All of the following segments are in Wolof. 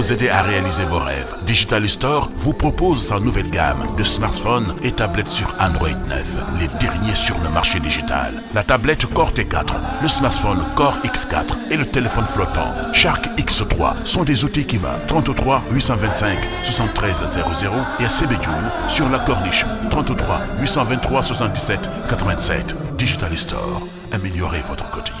vous aider à réaliser vos rêves. Digital Store vous propose sa nouvelle gamme de smartphones et tablettes sur Android 9, les derniers sur le marché digital. La tablette Core T4, le smartphone Core x et le téléphone flottant Shark x sont des outils qui va et à sur la Corniche Digital Store, améliorez votre quotidien.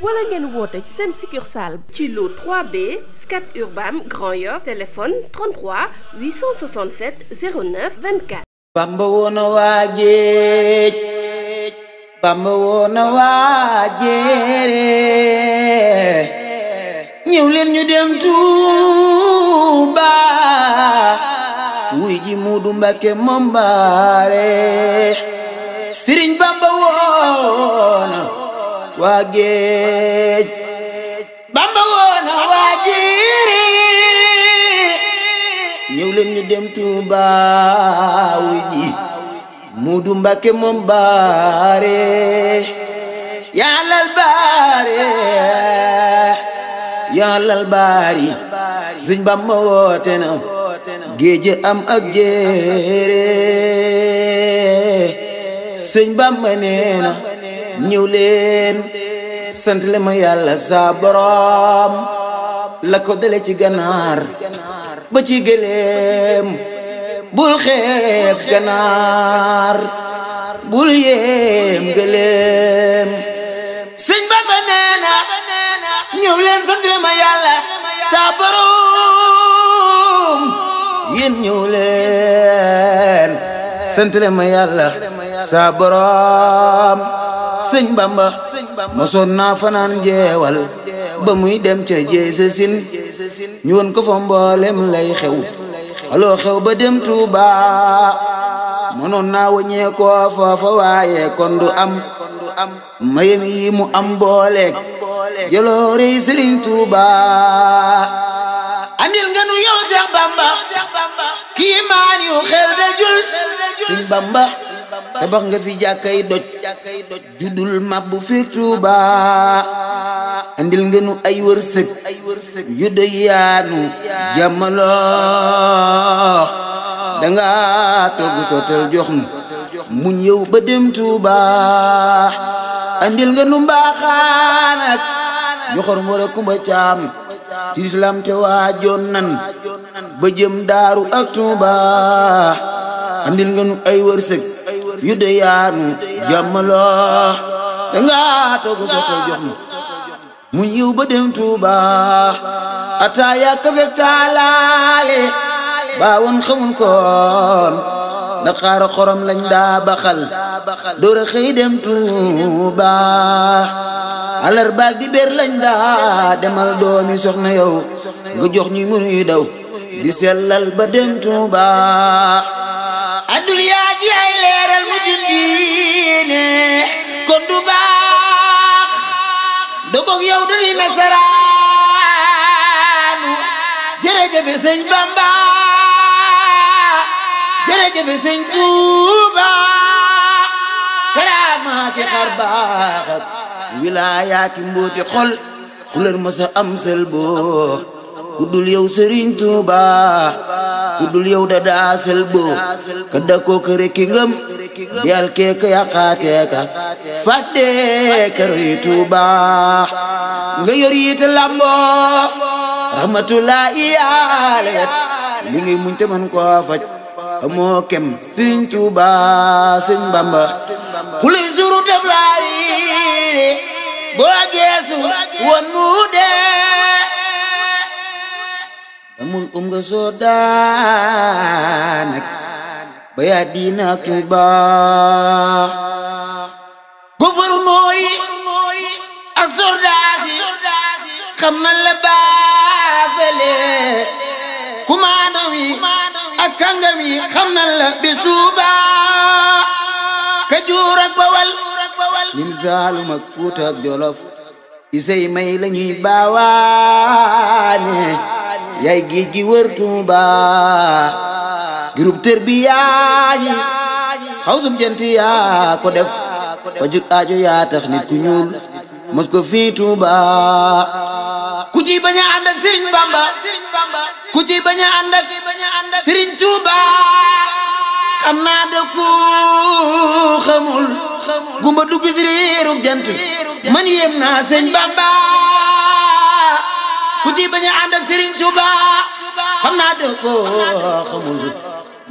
wala ngeen woote ci seen succursale ci lu 3B Scat Urbam Grand Yoff téléphone Bamba woon waa géej Bamba woon waa jéere ñëw ñu dem Tuuba wuy ji Muudu Mbàkke moom baare waa géej bamba woona waa ñëw leen dem Tuuba Muudu Mbàkke moom baare yàllal baare yàllal baari sëñ Bamba woote na géej am ak jéere sëñ Bamba nee ñëw leen sant le ma yàlla saa boroom la ko dale ci ganaar ba ci gëléem bul xeeb ganaar bul yéem gëléem sëñ Bamba nee na ñëw leen sant le ma yàlla saa boroom yéen ñëw sant le ma yàlla saa sëñ bamba mosoon naa fanaan jeewal ba muy dem ca jeese ñu won ko fa mboolem lay xew aloo xew ba dem Tuuba mënoon naa waññee koo foofa waaye kon du am mayem yi mu am booleeg jaloore yi sëriñ Tuuba andil nga nu yow Seex Bamba kii xel dajul sëñ Bamba tabax nga fi jàkkay doj judul mab fi Tuuba andil nga nu ay wërsëg yu doy yaanu jamaloo danga togg jox nu muñ yow ba dem Tuuba nga nu mbaaxaan ak joxor mo kumba caam ci islam te waajoon nan ba jëm daaru ak Tuuba andil nga nu ay wërsëg yu deyaanu jàmm loo jox nu mu yiw ba dem Tuuba ataaya kafe taalaale baawoon xamul koon ndax xorom lañ daa baxal door a xëy dem Tuuba alarbaag bi ber lañ daa demal doomi soxna yow nga jox ñu mënuy di sellal ba dem Tuuba yow dañuy nasaraanu jërëjëf sëñ Bamba jërëjëf sëñ Tuuba karaamaati xar baax ak wilaayaati mbooti xol ku leen mës boo ku dul yow sëriñ Tuuba ku dul yow dadaa boo ka dakoo ki ngëm yal keek yaqaatee ka fàttee Tuuba nga yor lamboo rahmatullahi yaale li ngay muñ te mën koo faj Tuuba sëñ Bamba kuli zuru def boo geesu woon mu dee um nga daanak بيدينا توبا gouverneur yi ak soldat yi xam na la baafale kumaandam yi ak kàngam yi xam na la bi ka juur ak bawal min saalum ak fuuta ak jolof isey may la ñuy baawaane yaay géej gi wër girum tër bi yaañi xaw sum jënt yaa ko def fajug aajo yaa tax nit ku ñuul mos ko fii Tuuba ku bañ a ànd ak Bamba ku bañ a ànd ak Tuuba xam naa dëkku xamul gumba dugg si réerug jant man yem naa Sëriñ Bamba ku bañ a ànd ak Tuuba xam naa dëkku xamul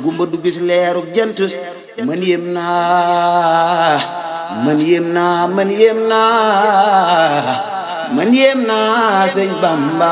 gumba du gis leeru jant man yem naa man yem naa man yem naa man yem naa sëñ Bamba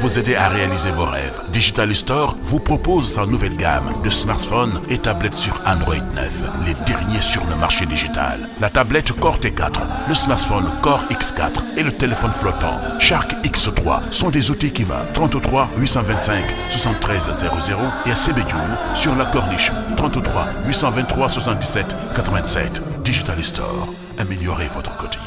vous aider à réaliser vos rêves. Digital Store vous propose sa nouvelle gamme de smartphones et tablettes sur Android 9, les derniers sur le marché digital. La tablette Core T4, le smartphone Core x et le téléphone flottant Shark x sont des outils qui vont et à CB sur la Corniche Digital Store, améliorez votre quotidien.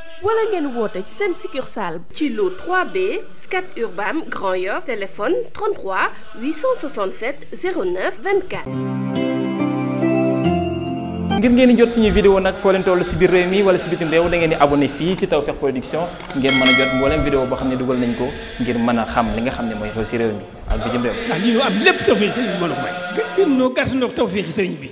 wala ngeen woote ci seen succursale ci lu 3B Scat Urbam Grand Yoff téléphone 33 867 09 24 ngir ngeen di jot suñu vidéo nag foo leen toll si biir réew mi wala si bitim réew da ngeen di abonné fii si Tawfekh Production ngeen mën a jot mboolem vidéo boo xam ne dugal nañ ko ngir mën a xam li nga xam ne mooy xew si réew mi ak bitim réew. ndax lii ñu am lépp Tawfekh sëriñ bi mën a may. gën noo bi.